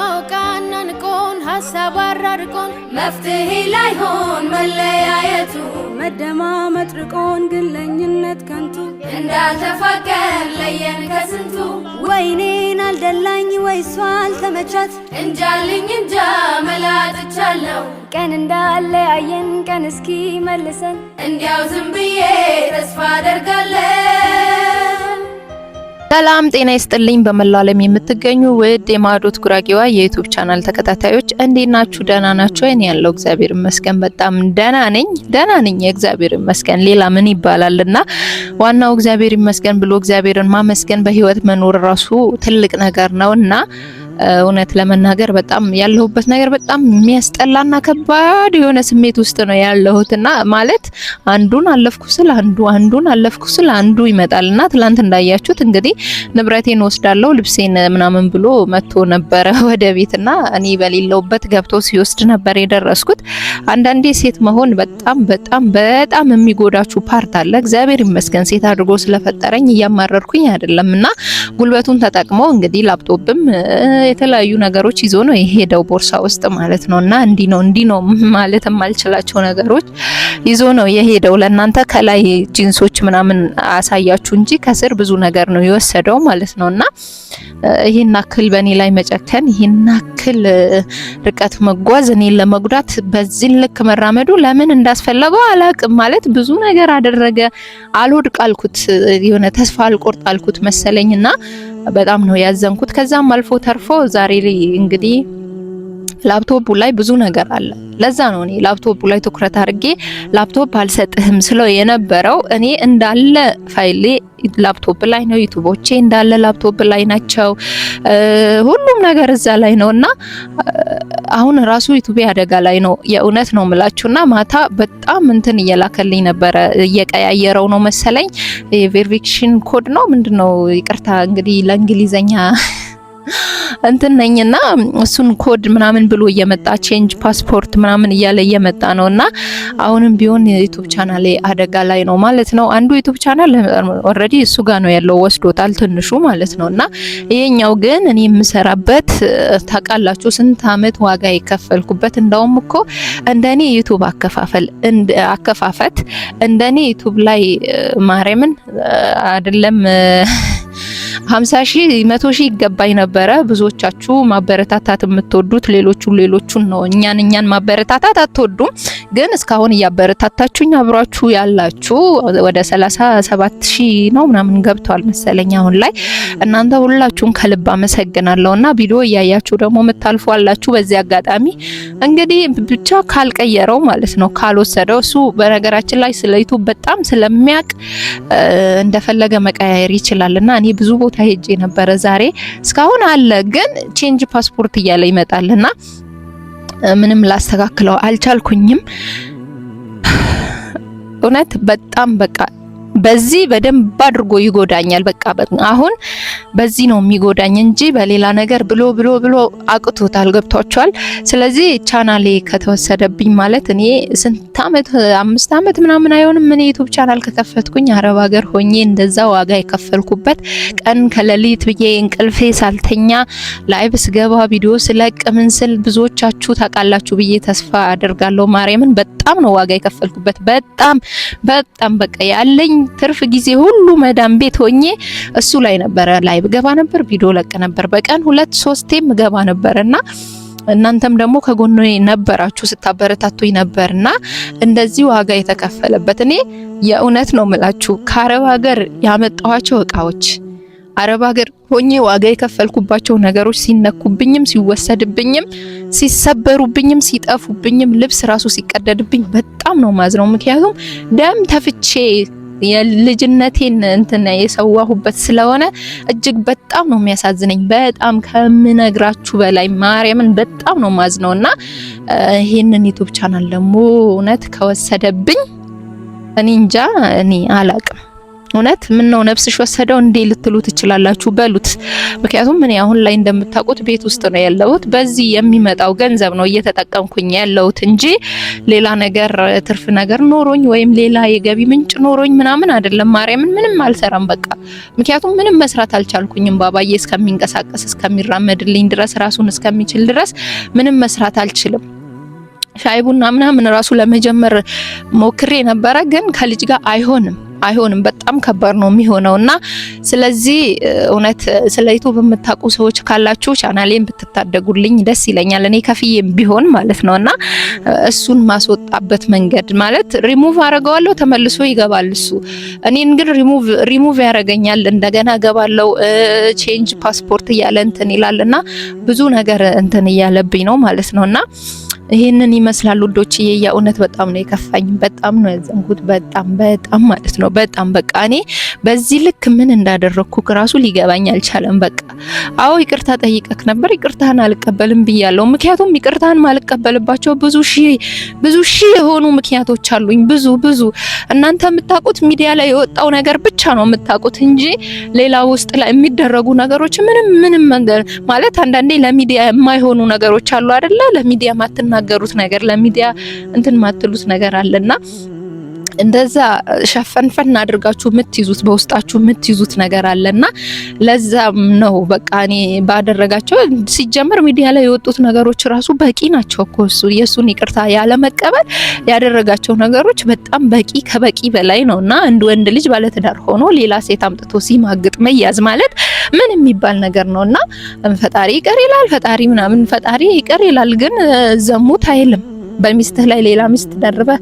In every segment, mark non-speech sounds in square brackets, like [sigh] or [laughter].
ማወቃና ንቆን ሀሳብ አራርቆን መፍትሄ ላይሆን መለያየቱ መደማመጥ ርቆን ግለኝነት ከንቱ እንዳልተፋቀር ለየን ከስንቱ ወይኔን አልደላኝ ወይሷ አልተመቻት እንጃልኝ እንጃ መላጥቻለሁ ቀን እንዳለያየን ቀን እስኪ መልሰን እንዲያው ዝም ብዬ ተስፋ አደርጋ ሰላም ጤና ይስጥልኝ። በመላው ዓለም የምትገኙ ውድ የማዕዶት ጉራጌዋ የዩቱብ ቻናል ተከታታዮች እንዴት ናችሁ? ደህና ናችሁ? እኔ ያለው እግዚአብሔር ይመስገን በጣም ደህና ነኝ፣ ደህና ነኝ እግዚአብሔር ይመስገን። ሌላ ምን ይባላልና ዋናው እግዚአብሔር ይመስገን ብሎ እግዚአብሔርን ማመስገን በህይወት መኖር ራሱ ትልቅ ነገር ነውና እውነት ለመናገር በጣም ያለሁበት ነገር በጣም የሚያስጠላና ከባድ የሆነ ስሜት ውስጥ ነው እና ማለት አንዱን አለፍኩ ስል አንዱ አንዱን አለፍኩ ስል አንዱ ይመጣል እና ትላንት እንዳያችሁት እንግዲህ ንብረቴን ወስዳለሁ ልብሴን ምናምን ብሎ መጥቶ ነበረ [laughs] ወደ እና እኔ በሌለውበት ገብቶ ሲወስድ ነበር የደረስኩት። አንዳንዴ ሴት መሆን በጣም በጣም በጣም የሚጎዳችሁ ፓርት አለ። እግዚአብሔር ይመስገን ሴት አድርጎ ስለፈጠረኝ እያማረርኩኝ አይደለም እና ጉልበቱን ተጠቅሞ እንግዲህ ላፕቶፕም የተለያዩ ነገሮች ይዞ ነው የሄደው ቦርሳ ውስጥ ማለት ነው። እና እንዲ ነው እንዲ ነው ማለት የማልችላቸው ነገሮች ይዞ ነው የሄደው። ለእናንተ ከላይ ጂንሶች ምናምን አሳያችሁ እንጂ ከስር ብዙ ነገር ነው የወሰደው ማለት ነው። እና ይህን አክል በእኔ ላይ መጨከን፣ ይህን አክል ርቀት መጓዝ፣ እኔን ለመጉዳት በዚህ ልክ መራመዱ ለምን እንዳስፈለገው አላቅም። ማለት ብዙ ነገር አደረገ። አልወድቅ አልኩት፣ የሆነ ተስፋ አልቆርጥ አልኩት መሰለኝና በጣም ነው ያዘንኩት። ከዛም አልፎ ተርፎ ዛሬ ላይ እንግዲህ ላፕቶፑ ላይ ብዙ ነገር አለ። ለዛ ነው እኔ ላፕቶፑ ላይ ትኩረት አድርጌ ላፕቶፕ አልሰጥህም ስለው የነበረው። እኔ እንዳለ ፋይሌ ላፕቶፕ ላይ ነው፣ ዩቲዩቦቼ እንዳለ ላፕቶፕ ላይ ናቸው፣ ሁሉም ነገር እዛ ላይ ነው እና አሁን ራሱ ዩቲዩብ አደጋ ላይ ነው። የእውነት ነው ምላችሁና ማታ በጣም እንትን እየላከልኝ ነበረ። እየቀያየረው ነው መሰለኝ። ቬሪፊኬሽን ኮድ ነው ምንድነው? ይቅርታ እንግዲህ ለእንግሊዘኛ እንትን ነኝና እሱን ኮድ ምናምን ብሎ እየመጣ ቼንጅ ፓስፖርት ምናምን እያለ እየመጣ ነውና አሁንም ቢሆን ዩቲዩብ ቻናሌ አደጋ ላይ ነው ማለት ነው። አንዱ ዩቱብ ቻናል ኦልሬዲ እሱ ጋር ነው ያለው ወስዶታል፣ ትንሹ ማለት ነውና ይሄኛው ግን እኔ የምሰራበት ታውቃላችሁ፣ ስንት አመት ዋጋ የከፈልኩበት እንዳውም እኮ እንደኔ ዩቱብ አከፋፈል አከፋፈት እንደኔ ዩቱብ ላይ ማርያምን አይደለም ሀምሳ ሺህ መቶ ሺህ ይገባኝ ነበረ። ብዙዎቻችሁ ማበረታታት የምትወዱት ሌሎቹን ሌሎቹን ነው። እኛን እኛን ማበረታታት አትወዱም። ግን እስካሁን እያበረታታችሁኝ አብሯችሁ ያላችሁ ወደ ሰላሳ ሰባት ሺህ ነው ምናምን ገብተዋል መሰለኝ አሁን ላይ። እናንተ ሁላችሁን ከልብ አመሰግናለሁ እና ቪዲዮ እያያችሁ ደግሞ የምታልፉ አላችሁ። በዚህ አጋጣሚ እንግዲህ ብቻ ካልቀየረው ማለት ነው ካልወሰደው እሱ በነገራችን ላይ ስለ ዩቱብ በጣም ስለሚያቅ እንደፈለገ መቀያየር ይችላል እና እኔ ብዙ ቦታ ሄጄ ነበረ ዛሬ እስካሁን አለ ግን ቼንጅ ፓስፖርት እያለ ይመጣልና ምንም ላስተካክለው አልቻልኩኝም። [sighs] እውነት በጣም በቃ በዚህ በደንብ አድርጎ ይጎዳኛል። በቃ አሁን በዚህ ነው የሚጎዳኝ እንጂ በሌላ ነገር ብሎ ብሎ ብሎ አቅቶታል። ገብቷቸዋል። ስለዚህ ቻናሌ ከተወሰደብኝ ማለት እኔ ስንት አመት አምስት አመት ምናምን አይሆንም ምን ዩቱብ ቻናል ከከፈትኩኝ አረብ ሀገር ሆኜ እንደዛ ዋጋ የከፈልኩበት ቀን ከሌሊት ብዬ እንቅልፌ ሳልተኛ ላይቭ ስገባ ቪዲዮ ስለቅ ምን ስል ብዙዎቻችሁ ታውቃላችሁ ብዬ ተስፋ አደርጋለሁ። ማርያምን በጣም ነው ዋጋ የከፈልኩበት። በጣም በጣም በቃ ያለኝ ትርፍ ጊዜ ሁሉ መዳም ቤት ሆኜ እሱ ላይ ነበረ ላይ ገባ ነበር፣ ቪዲዮ ለቅ ነበር። በቀን ሁለት ሶስቴም ገባ ነበርና እናንተም ደግሞ ከጎን ነበራችሁ ስታበረታቱኝ ነበርና እንደዚህ ዋጋ የተከፈለበት እኔ የእውነት ነው ምላችሁ ከአረብ ሀገር ያመጣኋቸው እቃዎች አረብ ሀገር ሆኜ ዋጋ የከፈልኩባቸው ነገሮች ሲነኩብኝም፣ ሲወሰድብኝም፣ ሲሰበሩብኝም፣ ሲጠፉብኝም ልብስ ራሱ ሲቀደድብኝ በጣም ነው ማዝነው። ምክንያቱም ደም ተፍቼ የልጅነቴን እንትን የሰዋሁበት ስለሆነ እጅግ በጣም ነው የሚያሳዝነኝ። በጣም ከምነግራችሁ በላይ ማርያምን በጣም ነው ማዝነው እና ይህንን ዩቱብ ቻናል ደግሞ እውነት ከወሰደብኝ እኔ እንጃ እኔ አላቅም። እውነት ምን ነው ነፍስሽ ወሰደው እንዴ ልትሉ ትችላላችሁ። በሉት ምክንያቱም እኔ አሁን ላይ እንደምታውቁት ቤት ውስጥ ነው ያለሁት። በዚህ የሚመጣው ገንዘብ ነው እየተጠቀምኩኝ ያለሁት እንጂ ሌላ ነገር ትርፍ ነገር ኖሮኝ ወይም ሌላ የገቢ ምንጭ ኖሮኝ ምናምን አይደለም። ማርያምን ምንም አልሰራም በቃ ምክንያቱም ምንም መስራት አልቻልኩኝም። ባባዬ እስከሚንቀሳቀስ እስከሚራመድልኝ ድረስ ራሱን እስከሚችል ድረስ ምንም መስራት አልችልም። ሻይ ቡና ምናምን ራሱ ለመጀመር ሞክሬ ነበረ፣ ግን ከልጅ ጋር አይሆንም አይሆንም በጣም ከባድ ነው የሚሆነው። እና ስለዚህ እውነት ስለ ዩቱብ የምታውቁ ሰዎች ካላችሁ ቻናሌን ብትታደጉልኝ ደስ ይለኛል፣ እኔ ከፍዬም ቢሆን ማለት ነው። እና እሱን ማስወጣበት መንገድ ማለት ሪሙቭ አረገዋለሁ ተመልሶ ይገባል እሱ። እኔን ግን ሪሙቭ ሪሙቭ ያረገኛል፣ እንደገና ገባለው ቼንጅ ፓስፖርት እያለ እንትን ይላል እና ብዙ ነገር እንትን እያለብኝ ነው ማለት ነው እና ይሄንን ይመስላል ውዶችዬ። የእውነት በጣም ነው የከፋኝ፣ በጣም ነው ያዘንኩት፣ በጣም በጣም ማለት ነው በጣም በቃ እኔ በዚህ ልክ ምን እንዳደረግኩ ራሱ ሊገባኝ አልቻለም። በቃ አዎ ይቅርታ ጠይቀክ ነበር፣ ይቅርታን አልቀበልም ብያለሁ። ምክንያቱም ይቅርታን ማልቀበልባቸው ብዙ ሺህ ብዙ ሺህ የሆኑ ምክንያቶች አሉኝ። ብዙ ብዙ እናንተ የምታውቁት ሚዲያ ላይ የወጣው ነገር ብቻ ነው የምታውቁት እንጂ ሌላ ውስጥ ላይ የሚደረጉ ነገሮች ምንም ምንም ማለት አንዳንዴ ለሚዲያ የማይሆኑ ነገሮች አሉ አይደለ? ለሚዲያ ማትና ለምትናገሩት ነገር ለሚዲያ እንትን ማትሉት ነገር አለና እንደዛ ሸፈንፈን አድርጋችሁ የምትይዙት በውስጣችሁ የምትይዙት ነገር አለና ለዛም ነው በቃ እኔ ባደረጋቸው ሲጀመር ሚዲያ ላይ የወጡት ነገሮች ራሱ በቂ ናቸው እኮ እሱ የእሱን ይቅርታ ያለመቀበል ያደረጋቸው ነገሮች በጣም በቂ ከበቂ በላይ ነው እና አንድ ወንድ ልጅ ባለትዳር ሆኖ ሌላ ሴት አምጥቶ ሲማግጥ መያዝ ማለት ምን የሚባል ነገር ነው እና ፈጣሪ ይቅር ይላል ፈጣሪ ምናምን ፈጣሪ ይቅር ይላል ግን ዘሙት አይልም በሚስትህ ላይ ሌላ ሚስት ደርበህ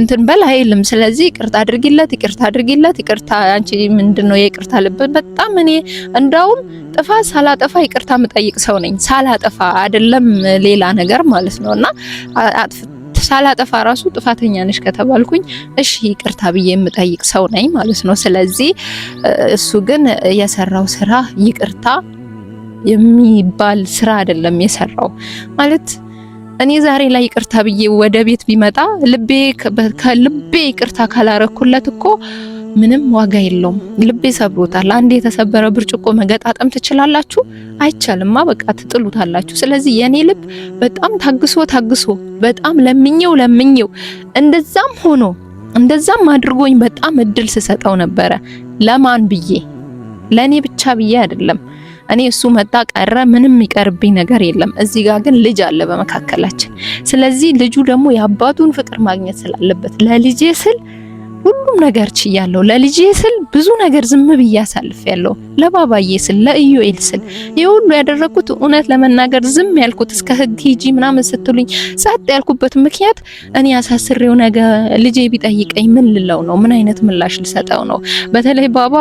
እንትን በል አይልም። ስለዚህ ይቅርታ አድርጊለት፣ ይቅርታ አድርጊለት፣ ይቅርታ አንቺ ምንድነው ነው የይቅርታ ልብ በጣም እኔ እንዳውም ጥፋ ሳላጠፋ ይቅርታ የምጠይቅ ሰው ነኝ። ሳላጠፋ አይደለም ሌላ ነገር ማለት ነውና አጥፍ ሳላጠፋ ራሱ ጥፋተኛ ነሽ ከተባልኩኝ እሺ ይቅርታ ብዬ የምጠይቅ ሰው ነኝ ማለት ነው። ስለዚህ እሱ ግን የሰራው ስራ ይቅርታ የሚባል ስራ አይደለም የሰራው ማለት እኔ ዛሬ ላይ ይቅርታ ብዬ ወደ ቤት ቢመጣ ልቤ ከልቤ ይቅርታ ካላረኩለት እኮ ምንም ዋጋ የለውም። ልቤ ሰብሮታል። አንድ የተሰበረ ብርጭቆ መገጣጠም ትችላላችሁ? አይቻልማ። በቃ ትጥሉታላችሁ። ስለዚህ የኔ ልብ በጣም ታግሶ ታግሶ በጣም ለምኘው ለምኘው እንደዛም ሆኖ እንደዛም አድርጎኝ በጣም እድል ስሰጠው ነበረ። ለማን ብዬ ለኔ ብቻ ብዬ አይደለም። እኔ እሱ መጣ ቀረ ምንም የሚቀርብኝ ነገር የለም። እዚህ ጋር ግን ልጅ አለ በመካከላችን። ስለዚህ ልጁ ደግሞ የአባቱን ፍቅር ማግኘት ስላለበት ለልጄ ስል ሁሉም ነገር ችያለሁ። ለልጄ ስል ብዙ ነገር ዝም ብዬ አሳልፌያለሁ። ለባባዬ ስል፣ ለኢዩኤል ስል ይህ ሁሉ ያደረኩት እውነት ለመናገር ዝም ያልኩት እስከ ህግ ሂጂ ምናምን ስትሉኝ ጸጥ ያልኩበት ምክንያት እኔ አሳስሬው ነገ ልጄ ቢጠይቀኝ ምን ልለው ነው? ምን አይነት ምላሽ ልሰጠው ነው? በተለይ ባባ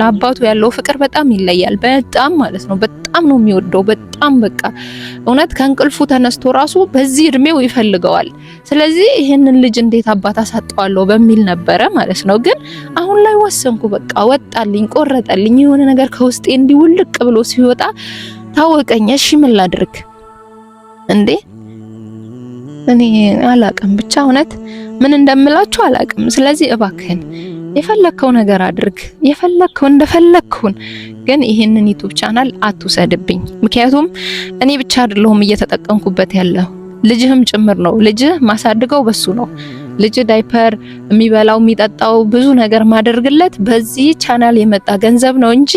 ለአባቱ ያለው ፍቅር በጣም ይለያል። በጣም ማለት ነው። በጣም ነው የሚወደው። በጣም በቃ እውነት ከእንቅልፉ ተነስቶ ራሱ በዚህ እድሜው ይፈልገዋል። ስለዚህ ይህንን ልጅ እንዴት አባት አሳጠዋለሁ በሚል ነበረ ማለት ነው። ግን አሁን ላይ ወሰንኩ። በቃ ወጣልኝ፣ ቆረጠልኝ። የሆነ ነገር ከውስጤ እንዲውልቅ ብሎ ሲወጣ ታወቀኝ። እሺ ምን ላድርግ እንዴ? እኔ አላቅም ብቻ እውነት ምን እንደምላችሁ አላቅም። ስለዚህ እባክህን የፈለከው ነገር አድርግ፣ የፈለከው እንደፈለከውን ግን ይሄንን ዩቲዩብ ቻናል አትውሰድብኝ። ምክንያቱም እኔ ብቻ አይደለሁም እየተጠቀምኩበት ያለው ልጅህም ጭምር ነው። ልጅህ ማሳድገው በሱ ነው። ልጅ ዳይፐር የሚበላው የሚጠጣው ብዙ ነገር ማደርግለት በዚህ ቻናል የመጣ ገንዘብ ነው እንጂ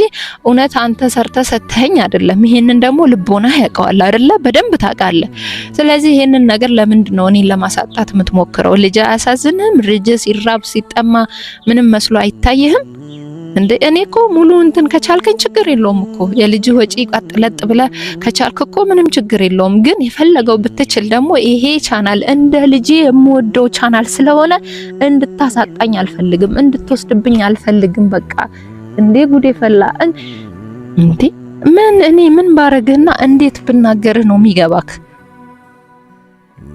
እውነት አንተ ሰርተ ሰተኝ አይደለም። ይሄንን ደግሞ ልቦና ያውቀዋል አይደለ? በደንብ ታውቃለህ። ስለዚህ ይሄንን ነገር ለምንድን ነው እኔን ለማሳጣት የምትሞክረው? ልጅ አያሳዝንም ልጅ ሲራብ ሲጠማ ምንም መስሎ አይታይህም? እንደ እኔ እኮ ሙሉ እንትን ከቻልከኝ ችግር የለውም እኮ የልጅ ወጪ ቀጥለጥ ብለ ከቻልክ እኮ ምንም ችግር የለውም። ግን የፈለገው ብትችል ደግሞ ይሄ ቻናል እንደ ልጄ የምወደው ቻናል ስለሆነ እንድታሳጣኝ አልፈልግም፣ እንድትወስድብኝ አልፈልግም። በቃ እንዴ ጉዴ ፈላ እንዴ! ምን እኔ ምን ባረግህና እንዴት ብናገርህ ነው የሚገባክ?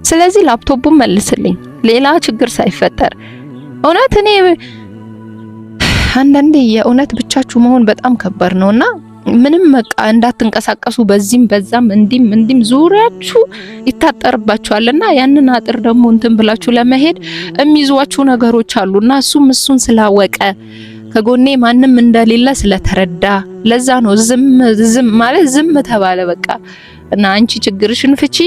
ስለዚህ ላፕቶፑን መልስልኝ ሌላ ችግር ሳይፈጠር እውነት እኔ አንዳንዴ የእውነት ብቻችሁ መሆን በጣም ከባድ ነውና ምንም በቃ እንዳትንቀሳቀሱ በዚህም በዛም እንዲም እንዲም ዙሪያችሁ እና ያንን አጥር ደግሞ እንትን ብላችሁ ለመሄድ የሚይዟችሁ ነገሮች አሉና እሱም እሱን ስላወቀ ከጎኔ ማንም እንደሌለ ስለተረዳ ለዛ ነው ዝም ዝም ማለት ዝም ተባለ በቃ እና አንቺ ችግርሽን ፍቺ፣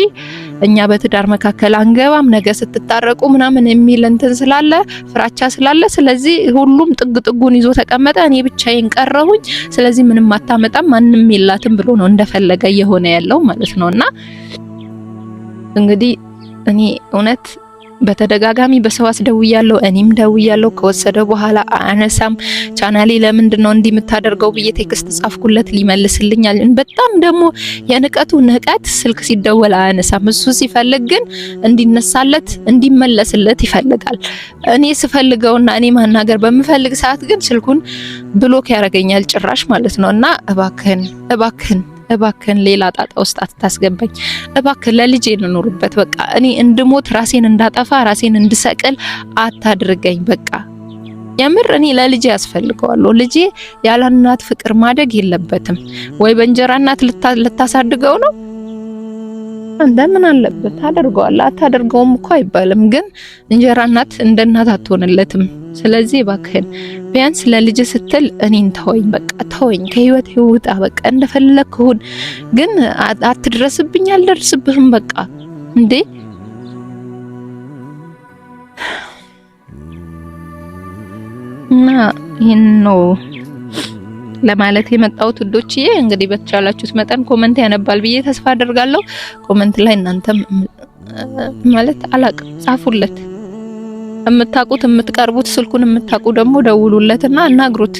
እኛ በትዳር መካከል አንገባም፣ ነገ ስትታረቁ ምናምን የሚል እንትን ስላለ ፍራቻ ስላለ፣ ስለዚህ ሁሉም ጥግ ጥጉን ይዞ ተቀመጠ። እኔ ብቻዬን ቀረሁኝ። ስለዚህ ምንም አታመጣም፣ ማንም የላትም ብሎ ነው እንደፈለገ እየሆነ ያለው ማለት ነውና እንግዲህ እኔ እውነት በተደጋጋሚ በሰው አስደውያለሁ፣ እኔም ደውያለሁ። ከወሰደ በኋላ አነሳም። ቻናሌ ለምንድን ነው እንዲህ የምታደርገው ብዬ ቴክስት ጻፍኩለት፣ ሊመልስልኛል። በጣም ደግሞ የንቀቱ ንቀት፣ ስልክ ሲደወል አያነሳም። እሱ ሲፈልግ ግን እንዲነሳለት እንዲመለስለት ይፈልጋል። እኔ ስፈልገውና እኔ ማናገር በምፈልግ ሰዓት ግን ስልኩን ብሎክ ያደርገኛል ጭራሽ ማለት ነው። እና እባክህን እባክህን እባክህን ሌላ ጣጣ ውስጥ አታስገባኝ፣ እባክህ ለልጄ እንኖርበት። በቃ እኔ እንድሞት ራሴን እንዳጠፋ ራሴን እንድሰቅል አታድርገኝ። በቃ የምር እኔ ለልጄ ያስፈልገዋለሁ። ልጄ ያለ እናት ፍቅር ማደግ የለበትም። ወይ በእንጀራ እናት ልታሳድገው ነው እንደምን ምን አለበት ታደርገዋለህ፣ አታደርገውም እኮ አይባልም። ግን እንጀራ እናት እንደ እናት አትሆንለትም። ስለዚህ እባክህን ቢያንስ ለልጅ ስትል እኔን ተወኝ፣ በቃ ተወኝ፣ ከህይወት ውጣ፣ በቃ እንደፈለክ ሁን፣ ግን አትድረስብኝ፣ አልደርስብህም። በቃ እንዴ እና ይህን ነው ለማለት የመጣሁት ውዶችዬ፣ እንግዲህ በተቻላችሁት መጠን ኮመንት ያነባል ብዬ ተስፋ አደርጋለሁ። ኮመንት ላይ እናንተም ማለት አላቅም ጻፉለት። የምታቁት የምትቀርቡት ስልኩን የምታቁ ደግሞ ደውሉለትና አናግሩት።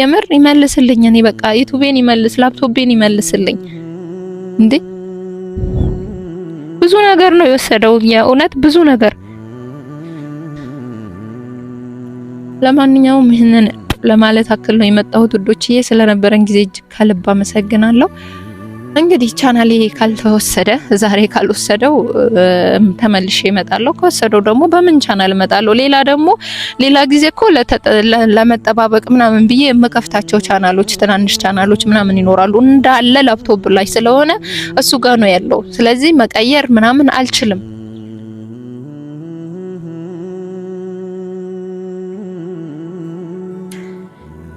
የምር ይመልስልኝ። እኔ በቃ ዩቲዩቤን ይመልስ፣ ላፕቶፔን ይመልስልኝ። እንዴ ብዙ ነገር ነው የወሰደው፣ የእውነት ብዙ ነገር። ለማንኛውም ይህንን ለማለት አክል ነው የመጣሁት ውዶችዬ። ስለነበረን ጊዜ እጅግ ከልብ አመሰግናለሁ። እንግዲህ ቻናሌ ካልተወሰደ ዛሬ ካልወሰደው ተመልሼ እመጣለሁ። ከወሰደው ደግሞ በምን ቻናል እመጣለሁ? ሌላ ደግሞ ሌላ ጊዜ እኮ ለመጠባበቅ ምናምን ብዬ የምከፍታቸው ቻናሎች፣ ትናንሽ ቻናሎች ምናምን ይኖራሉ እንዳለ ላፕቶፕ ላይ ስለሆነ እሱ ጋር ነው ያለው። ስለዚህ መቀየር ምናምን አልችልም።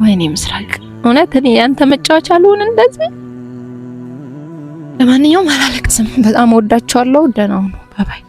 ወይኔ ምስራቅ፣ እውነት እኔ ያንተ መጫወቻ ልሆን እንደዚህ። ለማንኛውም አላለቅስም። በጣም ወዳቸዋለሁ። ደህና ሁኑ። ባባይ